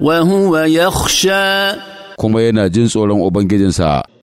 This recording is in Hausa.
wa huwa yakhsha kuma yana jin tsoron ubangijinsa